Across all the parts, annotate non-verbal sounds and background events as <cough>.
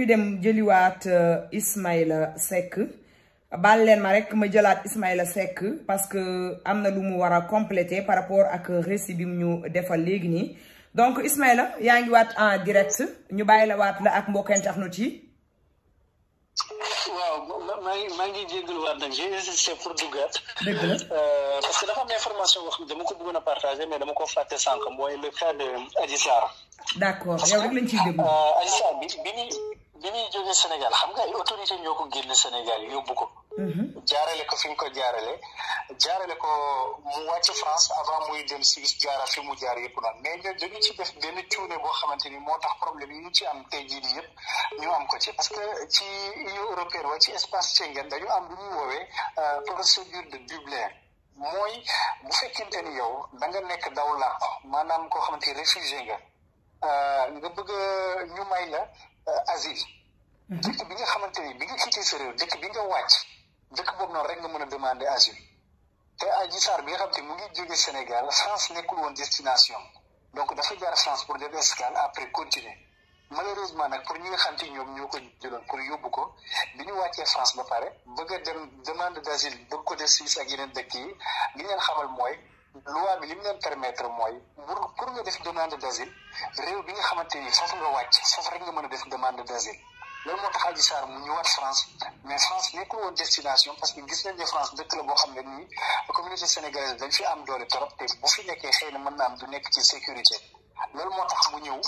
ñuy dem jëliwaat euh, Ismaïla Seck baal leen ma rek ma jëlaat Ismaïla sekk parce que am na lu mu war a compléter par rapport ak récit bi mu ñu defal léegi nii donc Ismaïla yaa ngi waat en direct ñu bàyyi la waat la ak mbokk internet yi. waaw maa ngi maa ngi jégaluwaat ngi j'ai insisté pour duggaat. dëgg la euh, parce que dafa am information boo xam dama ko bëggoon a partager mais dama ko fàtte sànq mooy le cas de Adji Sarr. d'accord yow rek lañ ciy déglu. Euh, Adji bi ñuy Sénégal xam nga ay autorité ñoo ko génn Sénégal yóbbu ko. Mhm. jaarale ko fi ñu ko jaarale jaarale ko mu wàcc France avant muy dem si jaara fi mu jaar yëpp nag mais ñoo dañu ci def benn cuune boo xamante ni moo tax problème yi ñu ci am tey jii nii yëpp ñu am ko ci parce que ci Union européenne wala ci espace Schengen dañu am lu ñuy woowee euh, procédure de Dublin mooy bu fekkente ni yow da nga nekk daw làq maanaam koo xamante ni réfugié nga. Euh, nga bëgg euh, ñu may la euh, asile mhm. dëkk bi nga xamante ni bi nga quitté sa réew dëkk bi nga wàcc dëkk boobu noonu rek nga mën a demander asile te aji Sarr bi nga xam te mu ngi jóge Sénégal France nekkul woon destination donc dafa jaar France pour de escale après continuer malheureusement nag pour ñi nga xam te ñoom ñoo ko jëloon pour yóbbu ko bi ñu wàccee France ba pare bëgg a dem demande d' asile bëgg ko def Suisse dëkk yi li ngeen xamal mooy loi bi li mu leen permettre mooy pour pour nga def demande d'asile réew bi nga xamante ni foofu nga wàcc foofu rek nga mën a def demande d'asile loolu moo tax Adji Sarr mu ñëwaat France mais France nekkul woon destination parce que gis nañ ne France dëkk boo xam ne nii communauté sénégalaise dañ fi am doole trop te fi nekkee xëy na mën na am du nekk ci sécurité loolu moo tax mu ñëw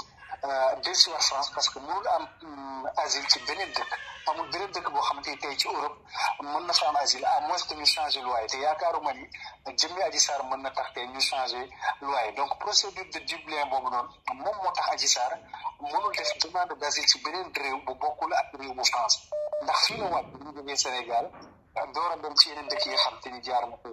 euh, dellusiwaat France parce que mënul am mm, asile ci beneen dëkk. amul beneen dëkk boo xamante ni tey ci Europe mën na fa am asile à moins que ñu changé loi te yaakaaruma ni jëmmi aji sar mën na tax tey ñu changé loi donc procédure de Dublin boobu noonu moom moo tax aji Sarr mënul def demande d' asile ci beneen réew bu bokkul ak réew bu France ndax fii la wàcc bu ñu jógee Sénégal door a dem ci yeneen dëkk yi xam te ni jaar ma ko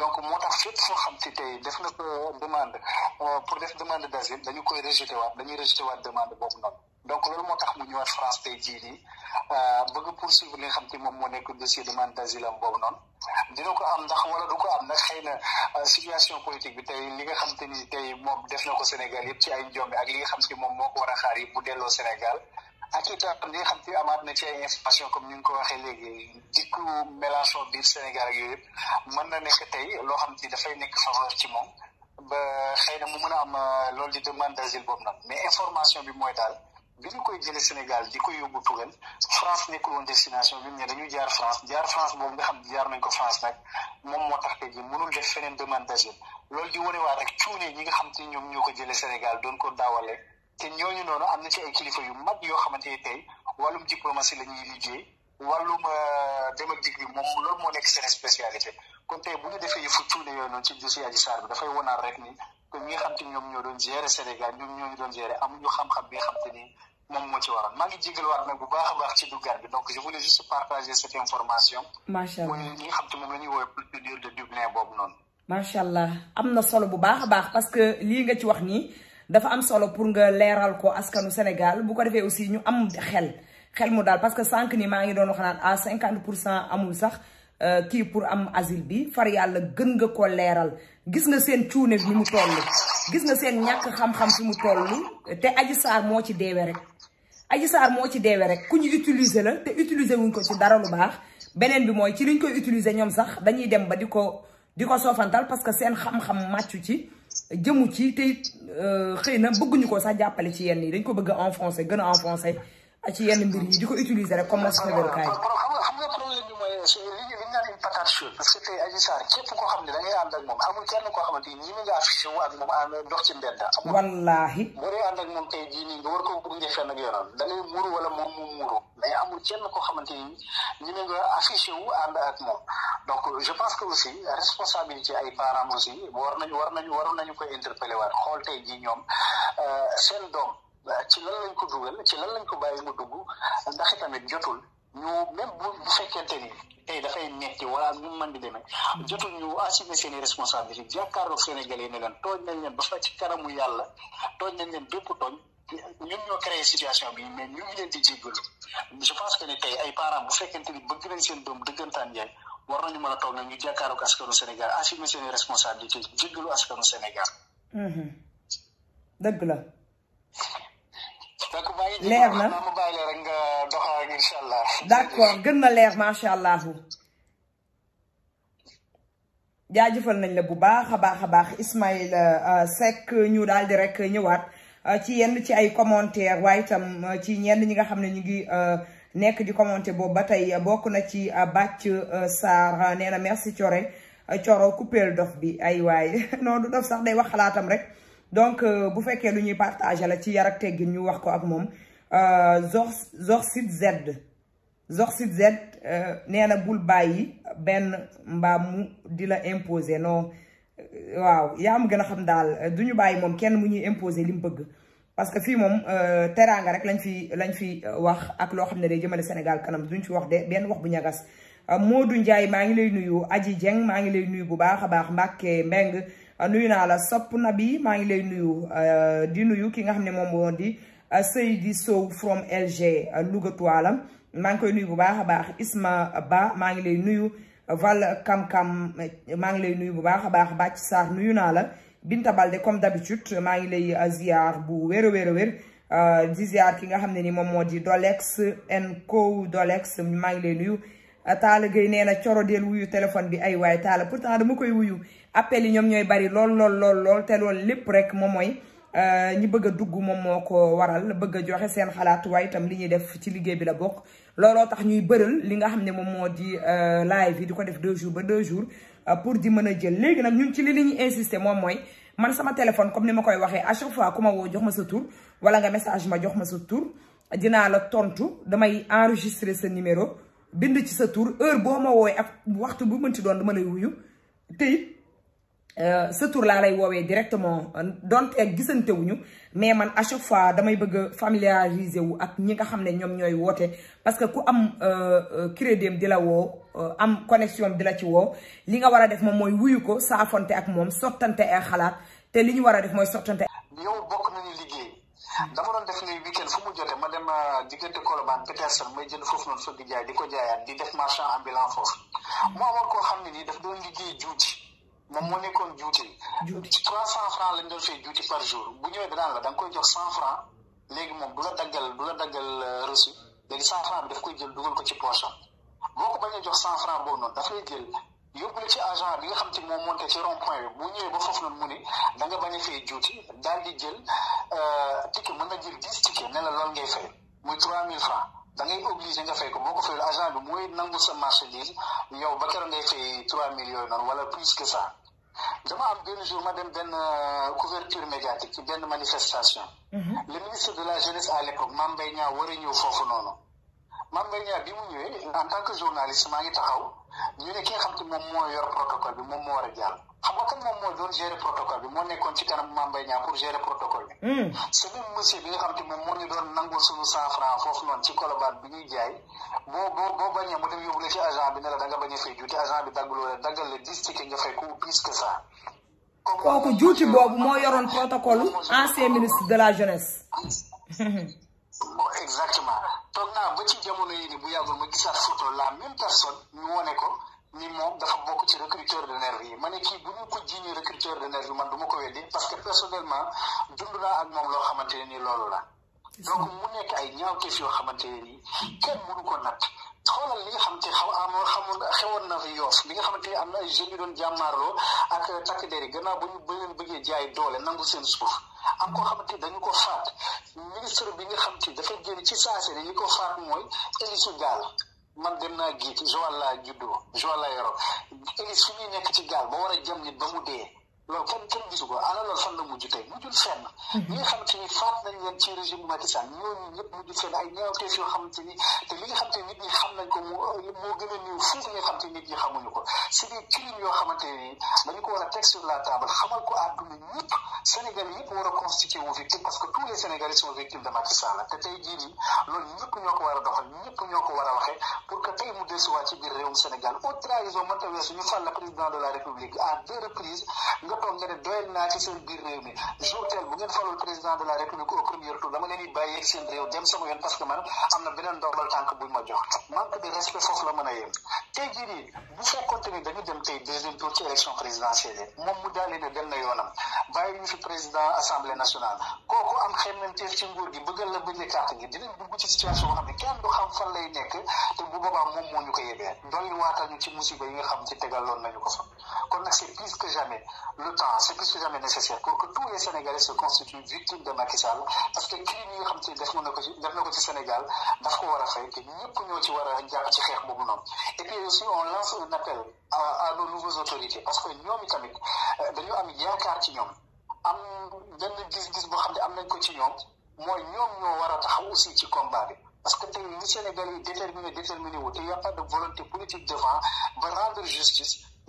donc moo tax fépp foo xam te tey def na ko euh, pour def demande d' asile dañu koy rejeté waat dañuy rejeté waat demande boobu noonu. donc loolu moo tax mu ñëwaat France tey jii nii euh, bëgg poursuivre li xam te moom moo nekk dossier demande d'asile am noon noonu dina ko am ndax wala du ko am nag xëy na euh, situation politique bi tey li nga xam ni tey moom def na ko Sénégal yëpp ci ay njombe ak li nga xam te moom moo ko war a xaar yi bu delloo Sénégal ak itam li nga xam te amaat na ci ay comme ni nga ko waxee léegi dikku Mélenchon biir Sénégal ak yooyu mën na nekk tey loo xam te dafay nekk faveur ci moom ba xëy na mu mën a am euh, loolu di demande d'asile boobu nag mais information bi mooy daal bi ñu koy jëlee Sénégal di ko yóbbu tugal France nekkul woon destination bi mu dañuy jaar France jaar France moom nga xam jaar nañ ko France nag moom moo tax tey jii mënul def feneen demande loolu di wane waa rek cuune ñi nga xam te ñoom ñoo ko jëlee Sénégal doon ko daawale te ñooñu noonu am na ci kilifa yu mag yoo xamante ne tey wàllum diplomatie la ñuy liggéey wàllum euh, dem ak dikk bi moom loolu moo nekk seen spécialité kon tey bu ñu defee yëfu cuune yooyu noonu ci dossier Adji Sarr bi dafay wanaar rek ni que ñi nga xam te ñoom ñoo doon gérer Sénégal ñoom ñoo ñu doon gérer amuñu xam-xam bi xam te moom moo ci waral maa ngi jégaluwaat nag bu baax a baax ci duggaat bi donc je juste partager cette information. macha na solo bu baax a baax parce que lii nga ci wax nii dafa am solo pour nga leeral ko askanu Sénégal bu ko defee aussi ñu am xel xel mu daal parce que sànq nii maa ngi doon wax naan à 50 pour cent amul sax. Euh, kii pour am asile bi far yàlla gën nga ko leeral gis nga seen cuune bi mu toll gis na seen ñàkk xam-xam fi mu toll te Adji Sarr moo ci deewe rek Adji Sarr moo ci deewe rek ku ñu utiliser la te utiliser wuñ ko ci dara lu baax beneen bi mooy ci liñ koy utiliser ñoom sax dañuy dem ba di ko di ko soofantal parce que seen xam-xam màccu ci jëmu ci te euh, xëy na bëgguñu ko sax jàppale ci yenn yi dañ ko bëgg a enfoncé gën a enfoncé ci yenn mbir yi di ko utiliser rek comme mos fëgal kaay patate chaude parce que tey Adji Sarr képp koo xam ne da ngay ànd ak moom amul kenn koo xamante ni ñi nga affiché wu ak moom ànd dox ci mbedd. amul jii nii nga war ko bëgg nga fenn ak yoonam da ngay muuru wala moom amul kenn koo xamante ni ñi nga affiché wu ànd ak moom donc je pense que aussi responsabilité ay parents aussi war nañu war nañu waroon nañu koy interpellé waat xool tey jii ñoom euh, seen doom euh, ci lal lañ ko dugal ci lan lañ ko bàyyi mu dugg ndax itamit jotul ñu même bu fekkente ni. tey dafay metti wala ñu mën di demee hmm. jotul ñu assumer seen i responsabilité jàkkaarloog Sénégal yi ne leen tooñ nañ leen ba fa ci kanamu yàlla tooñ ñoo créé situation bi mais ñu ngi leen que ne tey ay parents bu fekkente ni bëgg nañ seen doom dëggantaan yaay war nañu mën a toog nag ñu jàkkaarloog askanu Sénégal assumer seen i responsabilité jéggalu askanu Sénégal hmm. dëgg la donc maa ngi leer na ma bàyyi la doxal d'accord gën na leer macha allah. jaajëfal nañ la bu baax a baax a baax Ismail euh, euh, Seck ñu daal di rek ñëwaat euh, ci yenn ci ay commentaire waaye itam ci ñenn ñi nga xam ne ñu ngi nekk di commenter boobu ba tey bokk na ci bàcc Sarr nee na merci Thioré Thioro coupeel dof bi ay waay <laughs> noonu dof sax day wax xalaatam rek donc bu fekkee lu ñuy partager la ci yar ak teggin ñu wax ko ak moom. Euh, Zorcid Z Zorcid Z euh, nee na bul bàyyi benn mbaam mu di la imposer noo euh, waaw yaa am gën a xam daal du ñu bàyyi moom kenn mu ñuy imposer li mu bëgg parce que fii moom teraanga rek lañ fi lañ fi wax ak loo xam ne day jëmale Sénégal kanam duñ ci wax de benn wax bu ñagas moo du njaay maa ngi lay nuyu Aji Dieng maa ngi lay nuyu bu baax a baax Mbacke Mbeng nuyu naa la sopp na bi maa ngi lay nuyu di nuyu ki nga xam ne moom moo di Euh, Seydi Sow from LG euh, Louga Toualam maa ngi koy nuyu bu baax a baax Isma Ba maa ngi lay nuyu Val kam maa ngi lay nuyu bu baax a baax Bàcc Sarr nuyu naa la Binta Balde comme d'habitude maa ngi lay euh, ziar bu wér a wér a di ziar ki nga xam ne ni moom moo di Dolex and Co Dolex maa ngi lay nuyu Taala Gueye nee na coro deel wuyu téléphone bi ay waay Taala pourtant dama koy wuyu appel yi ñoom ñooy bari lool lool lool te loolu lépp rek moom mooy Euh, ñi bëgg a dugg moom moo ko waral bëgg a joxe seen xalaat waaye itam li ñuy def ci liggéey bi la bokk looloo tax ñuy bëral li nga xam ne moom moo di euh, live yi di ko def deux jours ba deux jours euh, pour di mën a jël léegi nag ñu ci li li ñu insister moom mooy man sama téléphone comme ni ma koy waxee à chaque fois ku ma woo jox ma sa tur wala nga message ma jox ma sa tur dinaa la tontu damay enregistre sa numéro bind ci sa tur heure boo ma woowee ak waxtu bu mënti doon dama lay wuyu te sa tur laa lay woowee directement euh, dont gisante wuñu mais man à chaque fois damay bëgg a familiariser wu ak ñi nga xam ne ñoom ñooy woote parce que ku am euh, euh, crédit di la woo am connexion di la ci woow li nga war a def moom mooy wuyu ko saafonte ak moom sottante ay xalaat te li ñu war a def mooy sottante. yow bokk nañu liggéey. dama doon def ni weekend fu mu jotee ma dem diggante Colobane Petersen may jënd foofu noonu soo di di ko jaayaat di def marchand ambulant foofu moom moo nekkoon juute ci trois cent franc lañ doon fay juuti par jour bu ñëwee danaan la da nga koy jox cent franc léegi moom du la daggal du la daggal euh, reçu léegi cent franc bi daf koy jël dugal ko ci poche am boo ko bañee jox cent franc boobu noonu daf jël yóbbu la ci agent bi nga xam te moom monte ci rond point bi ñëwee ba foofu noonu mu ni da nga bañ a fay juuti daal di jël euh, ticket mën na jël dix ticket ne la loolu ngay fay muy trois mille franc da ngay obligé nga fay ko boo ko fayul agent bi mooy nangu sa marchandise yow ba keroog ngay fay trois millions noonu wala plus que ça dama am benn jour ma dem benn euh, couverture médiatique ci benn manifestation. Mhm. le ministre de la jeunesse à l'époque Mame Mbaye Niang war a ñëw foofu noonu man Mbaye Niang bi mu ñëwee en tant que journaliste maa ngi taxaw. ñu ne ki nga xam te moom moo yor protocole bi moom moo war a jàll xam nga kan moom moo doon gérer protocole bi moo nekkoon ci kanam Mame Mbaye Niang pour gérer protocole bi. su hmm. même monsieur bi xam te moom moo ñu doon nangu suñu cent franc foofu noonu ci Colobane bi ñuy jaay boo boo boo bañee mu dem yóbbu ci agent bi ne la da nga bañ a fay juuti agent bi daggaloo la daggal la nga fay ko plus que ça. kooku juuti boobu moo yoroon protocole ancien ministre de la jeunesse. <laughs> exactement. toog naa ba ci jamono yi ni bu yàggul ma gisaat photo la même personne ñu wone ko ni moom dafa bokk ci recruteur de nervi yi ma ne kii bu ñu ko jiiñee recruteur de nervi man du ma ko weddi parce que personnellement dund naa ak moom loo xamante ne ni loolu la donc mu nekk ay ñaawteef yoo xamante ne ni kenn mënu ko natt xoolal li nga xamante xaw amoo xamoon xewoon na fi yoof li nga xamante am na ay jeunes yu doon jàmmaarloo ak takk der yi gannaaw ba ñu bëggee jaay doole nangu seen suuf am koo xamante ni dañu ko faat ministre bi nga xam te dafa génn ci saasi li ko faat mooy Elisu Gaal man dem naa géej Joal laa juddoo Joal laa yoroo Elis fi muy nekk ci gaal ba war a jam nit ba mu dee loolu kenn kenn gisu ko ana loolu fan la mujj tey mujjul fenn. Mhm. ñi nga xamante ni faat nañ leen ci régime Macky Sall ñooñu ñëpp mujjul fenn ay ñaawteef yoo xamante ni te li nga xamante ni nit ñi xam nañ ko moo moo gën a néew fuuf nga xamante ni nit ñi xamuñu ko c'est des crimes yoo xamante ni dañu ko war a teg sur la table xamal ko àdduna ñëpp Sénégal yëpp war a constitué wu victime parce que tous les Sénégalais sont victimes de Macky Sall te tey jii nii loolu ñëpp ñoo ko war a doxal ñëpp ñoo ko war a waxee pour que tey mu desuwaat ci biir réewum Sénégal haute trahison mënta weesu ñu fal la président de la République à deux reprises nga toog nga naa ci seen biir réew mi jourtel bu ngeen falul président de la république au premier tour dama leen di bàyyi seen réew dem sama yoon parce que man am na beneen ndombal tànk buñ ma jox manque de respect foofu la mën a yem tey jii nii bu fekkoonte ni dañu dem tey deuxième tour ci élection présidentielle moom mu daal ne dem na yoonam bàyyi ñu fi président assemblée nationale kooku am xemmanteef ci nguur gi bëggal la bëñ carte gi dinañ dugg xam ne lay nekk te bu boobaa moo ñu ko yebee dolli waatal ñu ci musiba yi nga xam ko fa Comme c'est plus que jamais le temps, c'est plus que jamais nécessaire pour que tous les Sénégalais se constituent victimes de Macky parce que crime yi nga xam te def na ko ci def na ko ci Sénégal daf ko war a fay te ñëpp ñoo ci war a xeex boobu noonu à nos nouvelles autorités parce que ñoom itamit euh, dañu ci ñoom am benn gis-gis boo xam ne am nañ ko ci ñoom mooy ñoom ñoo war a taxaw aussi ci combat bi parce que tey li Sénégal yi déterminé déterminé wu te y a pas de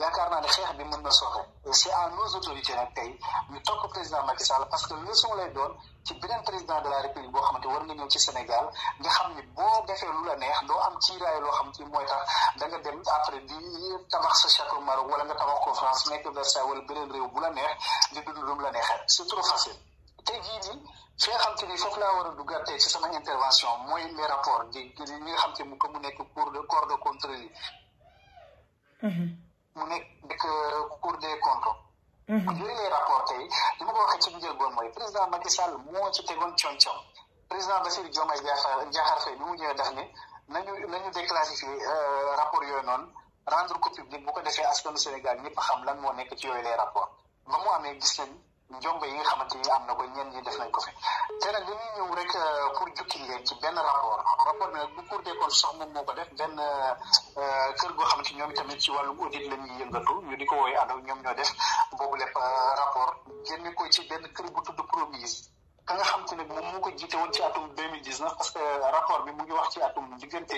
yaakaar naa ne xeex bi mën na soxe c'est à nos autorités nag tey ñu topp président Macky Sall parce que leçon lay doon ci beneen président de la république boo xamante war nga ñëw ci Sénégal nga xam ni boo defee lu la neex doo am ciiraay loo xam ci mooy tax da nga dem après di tabax sa château Maroc wala nga tabax ko France nekk Versailles wala beneen réew bu la neex di dund lu la neexee c'est trop facile tey jii nii fi nga xam te ni foofu laa war a duggaat tey sama intervention mooy les rapports di ñi nga xam te mu ko mu nekk cour de corps de mu nekk euh, Cour des comptes. yooyu mhm. lay rapporté li ma ko waxee ci njël boon mooy président Macky Sall moo ci tegoon coñ-coñ président Bassirou Diomaye Diakhar Faye bi mu ñëwee def ne nañu nañu déclassifié euh, rapport yooyu noonu rendre ko public bu ko defee askanu Sénégal ñëpp xam lan moo nekk ci yooyu les rapports ba mu amee gis nañ njombe yi nga xamante ni am na ko ñenn ñi def nañ ko fi te nag dañuy rek euh, pour jukki leen ci benn rapport rapport bi nag bu Cour des comptes sax moom ko def benn euh, kër goo xamante ñoom tamit ci wàllu audit la ñuy yëngatu ñu di ko woowee ànd ñoom ñoo def boobu lépp euh, rapport génne ko ci benn kër bu tudd promise ka nga xam te ne moom moo ko jiite woon ci atum deux mille dix neuf parce que rapport bi mu wax ci atum diggante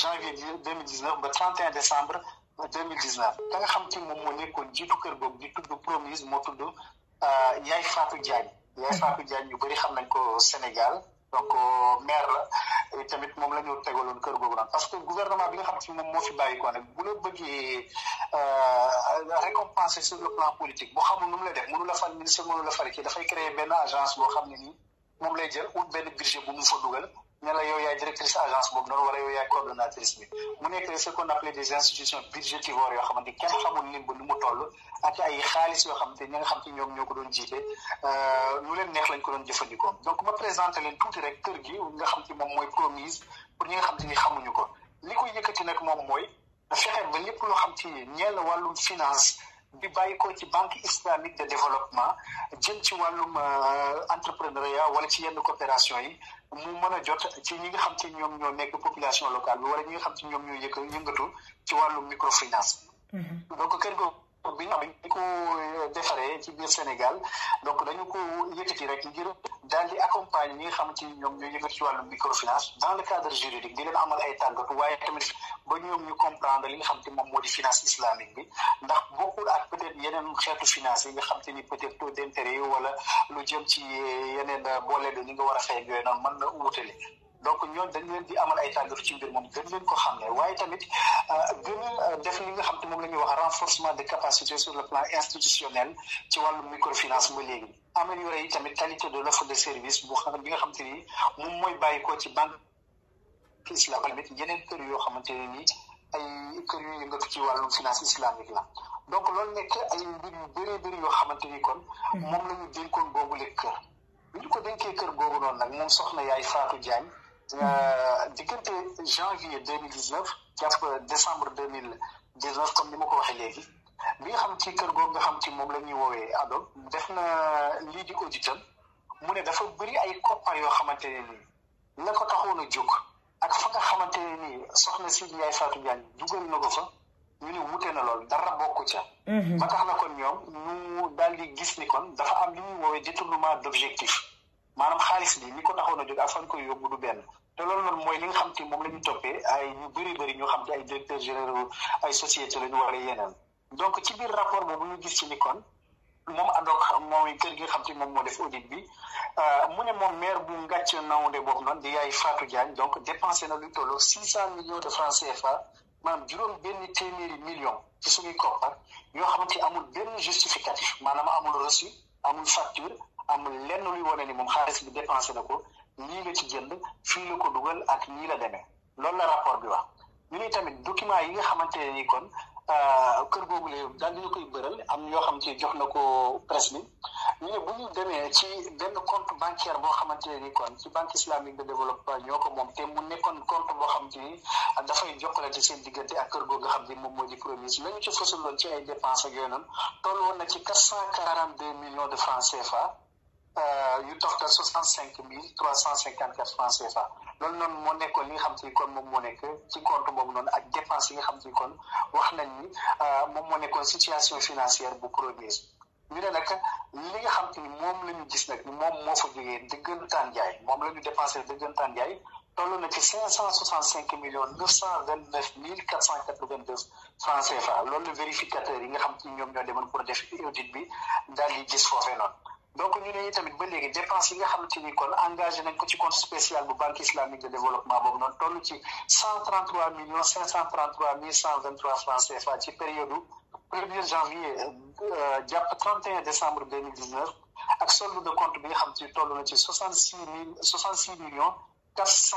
janvier deux mille dix neuf ba trente et un décembre deux mille dix neuf ka xam te moom moo nekkoon jiitu kër googu di tudd promise moo tudd yaay euh, Fatou Diagne yaay mhm. Fatou Diagne ñu bari xam nañ ko Sénégal donc euh, maire la tamit moom la ñu tegaloon kër googu naan parce que gouvernement bi nga xam si moom moo fi bàyyi ko nag bu la bëggee euh, récompenser sur le plan politique boo xamul nu mu la def mënu la fal ministre mënu la fal kii dafay créer benn agence boo xam ne nii moom lay jël ut benn budget bu mu fa dugal ne la yow yaay directrice agence boobu noonu war a yaay coordonnatrice bi mu nekk ce qu'on appelle des institutions budgétivores yoo xamante kenn xamul ba nu mu toll ay xaalis yoo xamante ñi nga xam te ñoom ñoo ko doon jiite euh, lu leen neex lañ ko doon jëfandikoo donc ma présenté leen tuuti rek kër gi nga xam te moom mooy promise pour ñi nga xam te ni xamuñu ko li ko yëkkati nag moom mooy fexe ba lépp loo xam te ñeel wàllum finance bi bàyyi ko ci banque islamique de développement jël ci wàllum euh, entrepreneuriat wala ci yenn coopération yi mu mën a jot ci ñi nga xam ci ñoom ñoo nekk population locale bi wala ñi nga xam ci ñoom ñoo yëkkatu yëngatu ci wàllu microfinance mm-hmm. donc kër googu bi nga xam ne ko euh, defaree ci biir Sénégal donc dañu ko yëkkati rek ngir daal di accompagner ñi nga xam ci ñoom ñooy yëkkati ci wàllum microfinance dans le cadre juridique di leen amal ay tàggatu waaye tamit ba ñoom ñu comprendre li nga xam te moom moo di finance islamique bi ndax bokkul ak peut-être yeneen xeetu finance yi nga xam te ni peut-être taux d'intérêt wala lu jëm ci euh, yeneen euh, boole bi ni nga war a fay yooyu noonu mën na wutale donc ñoom dañ leen di amal ay tàggatu ci mbir moom gën leen xam ne waaye tamit euh, euh, def ni nga xam te moom la ñuy wax renforcement des capacités sur le plan institutionnel ci wàllu microfinance ba léegi améliorer yi tamit qualité de l'offre de service bu xam bi nga xam te ni moom bàyyi ko ci banque islam tamit yeneen kër yoo xamante ne nii ay kër yu yëngatu ci wàllum finance islamique la donc loolu nekk ay mbir yu bëree bëri yoo xamante ni kon hmm. moom la ñu dénkoon boobu le kër bi ñu ko dénkee kër googu noon nag moom soxna yaay Fatou Diagne Euh, diggante janvier deux mille dix neuf jàpp décembre deux mil dix neuf comme ni ma ko waxee léegi bi nga xam ci kër googu nga xam ci moom la ñuy woowee Ado def na lii di auditeur mu ne dafa bëri ay koppar yoo xamante ne nii la ko taxoon a jóg ak fa nga xamante ne nii soxna si Ndiaye Fatou Diagne dugal na ko fa ñu ne wute na lool dara bokku ca. Mhm. ba tax na kon ñoom ñu daal di gis ni kon dafa am li ñuy woowee détournement d' objectif. maanaam xaalis bi li ko taxoon a jóg ak fan koy yóbbu du benn te loolu noonu mooy li nga xam te moom la ñu toppee ay ñu bëri bëri ñu xam te ay directeurs généraux ay société la ñu war a yeneen donc ci biir rapport boobu ñu gis ci ni kon moom adoog moom kër gi xam te moom moo def audit bi euh, mu ne moom maire bu ngàcc nawnde boobu noonu di ay faatu Diagne donc dépensé na lu tolloo six cent millions de francs CFA maanaam juróom benn téeméeri millions ci suñuy koppar yoo xamante amul benn justificatif maanaam amul reçu amul facture amul lenn luy wane ni moom xaalis bi dépensé na ko lii la ci jënd fii la ko dugal ak nii la demee loolu la rapport bi wax ñu ne tamit document yi nga xamante ne ni kon euh, kër googu la daal dina koy bëral am yoo xam ci jox na ko presse bi ñu ne bu demee ci benn compte bancaire boo xamante ne ni kon ci banque islamique de développement ñoo ko moom te mu nekkoon compte boo xam te ni dafay jokkalante seen diggante ak kër googu nga xam ni moom moo di promise lañu ci fësaloon ci ay yu euh, toxtal soixante cinq mille trois cent cinquante quatre francs loolu noonu moo nekkoon li nga xam te ni kon moom moo nekk ci compte boobu noonu ak dépense yi nga xam te ni kon wax nañ ni euh, moom moo nekkoon situation financière bu PRODES ñu ne nag li nga xam te ni moom la ñu gis nag moom moo fa jógee dëggantaan jaay moom la ñu dépensé dëggantaan jaay toll na ci cinq cent soixante cinq million neuf cent vingt neuf mille quatre cent quatre vingt deux francs CFA loolu la vérificateur yi nga xam te ni ñoom ñoo demoon pour def audit bi daal di gis foofee noonu donc ñu ne tamit ba léegi dépense yi nga xamante ni kon engagé nañ ko ci compte spécial bu banque islamique de développement boobu noonu toll ci cent trente trois millions cinq cent trente trois mille cent vingt trois francs CFA ci période euh, ak solde de compte bi nga xam ci toll na ci soixante six mille soixante six millions quatre cent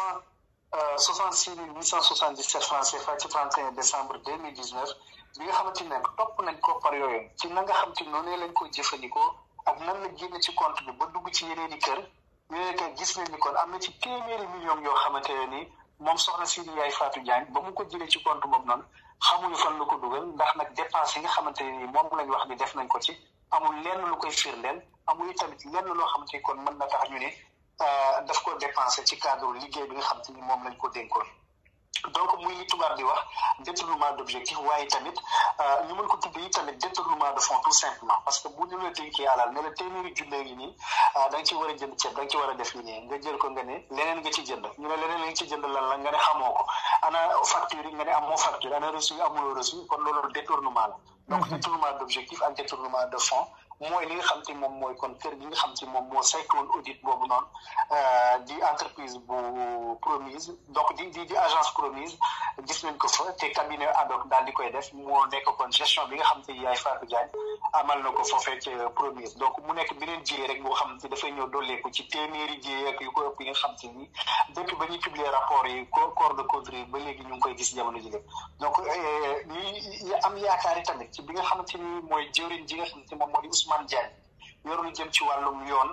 euh, soixante six mille huit cent soixante dix sept francs CFA ci 31 décembre 2019 bi nga xamante ne nañ ko par yooyu ci na nga xam ci noonu lañ ko jëfandikoo ak lan la génn ci compte bi ba dugg ci yeneen i kër yeneen kër gis nañ ni kon am na ci téeméeri million yoo xamante ne ni moom soxla si ni yaay Fatou Diagne ba mu ko jëlee ci compte moom noonu xamuñ fan la ko dugal ndax nag dépense yi nga xamante ne ni moom lañ wax ni def nañ ko ci amul lenn lu koy leen amul tamit lenn loo xam ni kon mën na tax ñu ne euh, daf ko dépensé ci cadre liggéey bi nga xamante ni moom lañ ko dénkoon. donc muy tubaab bi wax détournement d' objectif waaye tamit euh, ñu mën ko tuddee tamit détournement de fonds tout simplement parce que bu euh, jënd ceeb da ci war a def li ne nga jël ko nga ne leneen nga ci jënd ñu ne leneen nga ci jënd lan la nga ne xamoo ko ana facture yi nga ne amoo facture ana reçu amuloo reçu kon loolu détournement la mm-hmm. donc détournement d' objectif ak détournement de fonds mooy li nga xam te moom mooy kon kër gi nga xam te moom moo saytuwoon audit boobu noonu euh, di entreprise bu promise donc di di di agence promise gis nañ ko fa te cabinet ad hoc daal di koy def moo nekk kon gestion bi nga xam te yaay Fatou Diagne amal na ko foofee ci promise donc mu nekk beneen jiyee rek boo xam te dafay ñëw dolleeku ci téeméeri jiyee ak yu ko ëpp yi nga xam te ni depuis ba ñuy publier rapport yi corps de contrôle ba léegi ñu ngi koy gis jamono ji lépp donc ñuy euh, am yaakaar yi tamit ci bi nga xamante ni mooy jëwriñ ji nga xam te moom moo di Ousmane Diagne yor lu jëm ci wàllum yoon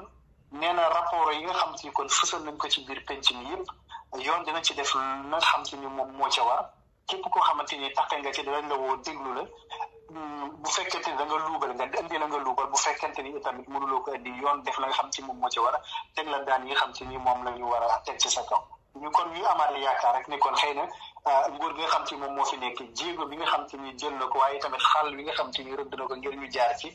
nee na rapport yi nga xam te ni kon fësal nañ ko ci biir penc mi yëpp yoon dina ci def na xam te ni moom moo ca war képp koo xamante ni taxe nga ci danañ la woo déglu la mm, bu fekkente ni da nga luubal nga indi la nga luubal bu fekkente ni tamit mënuloo ko indi yoon def la nga xam te moom moo ca war a teg la daan yi nga xam te ni moom la ñu war a teg ci sa kaw. ñu kon ñu amaale yaakaar rek ni kon xëy na euh, nguur gi nga xam ci moom moo fi nekk jéego bi nga xam ci ni jël na ko waaye tamit xàll bi nga xam ci ni rëdd na ko ngir ñu jaar ci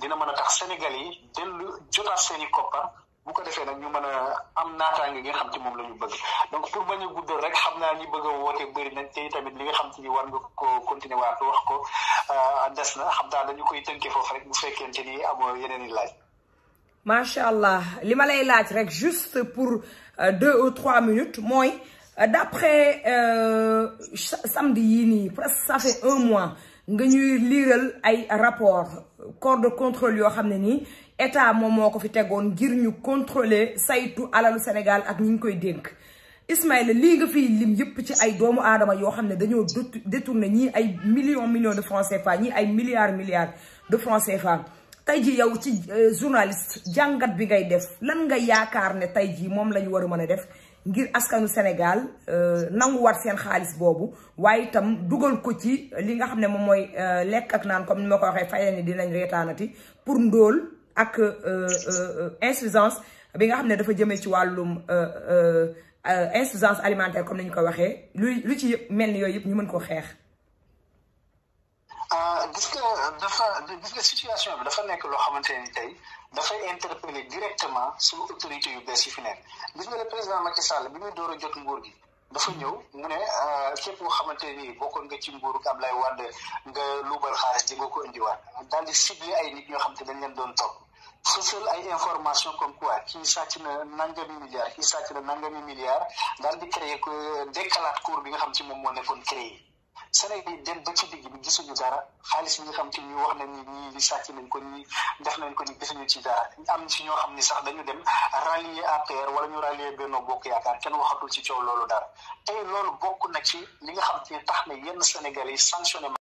dina mën a tax Sénégal yi dellu jotaat seen i koppar bu ko defee nag ñu mën a am naataange gi nga xam ci moom la ñu bëgg donc pour bañ a guddal rek xam naa ñi bëgg a woote bëri nañ te tamit li nga xam ci ni war nga ko continuer waat wax ko ndes euh, na xam naa dañu koy tënkee foofu rek bu fekkente ni amoo yeneen i laaj. macha allah li ma lay laaj rek juste pour euh, deux ou trois minutes mooy euh, d'après euh, samedi yii nii presque ça fait un mois nga ñuy liiral ay rapport corps de contrôle yoo xam ne nii état moom moo ko fi tegoon ngir ñu contrôler saytu alalu Sénégal ak ñu ngi koy dénk Ismaïla lii nga fiy lim yëpp ci ay doomu aadama yoo xam ne dañoo détourné ñii ay millions millions de francs CFA ñii ay milliards milliards de francs CFA tey ji yow ci euh, journaliste jàngat bi ngay def lan nga yaakaar ne tey jii moom la ñu war a mën a def ngir askanu Sénégal euh, nanguwaat seen xaalis boobu waaye itam dugal ko ci li nga xam ne moom mooy euh, lekk ak naan comme ni ma ko waxee fayal ni dinañ reetaanati pour ndóol ak insuffisance bi nga xam ne dafa jëmee ci wàllum insuffisance alimentaire comme ni ñu ko waxee lu lu ci mel ni yooyu yëpp ñu mën ko xeex. Euh, gis nga dafa gis situation bi dafa nekk loo xamante ni tey dafay interpeller directement su autorités yu bees yi fi nekk gis la président mack Sall bi muy door a jot nguur gi dafa ñëw mu ne euh, képp koo xamante ni bokkoon nga ci nguuru Ablaye Wade nga luubal xaalis di nga ko indiwaat daal di ciblé ay nit ñoo xam te dañ leen doon topp fësal ay information comme quoi kii sàcc na nangami milliards kii sàcc na nangami milliards daal di créé ko euh, décalaat cour bi nga xam ci moom moo nekkoon créé Sénégal yi dem ba ci digg gisuñu dara xaalis bi nga xam te ñu wax nañu ñii li sàcc nañ ko nii def nañ ko nii gisuñu ci dara am ci ñoo xam ni sax dañu dem rallier APR wala ñu rallier Benno Bokk Yaakaar kenn waxatul ci coow loolu dara tey loolu bokk na ci li nga xam te tax na yenn Sénégalais yi sanctionné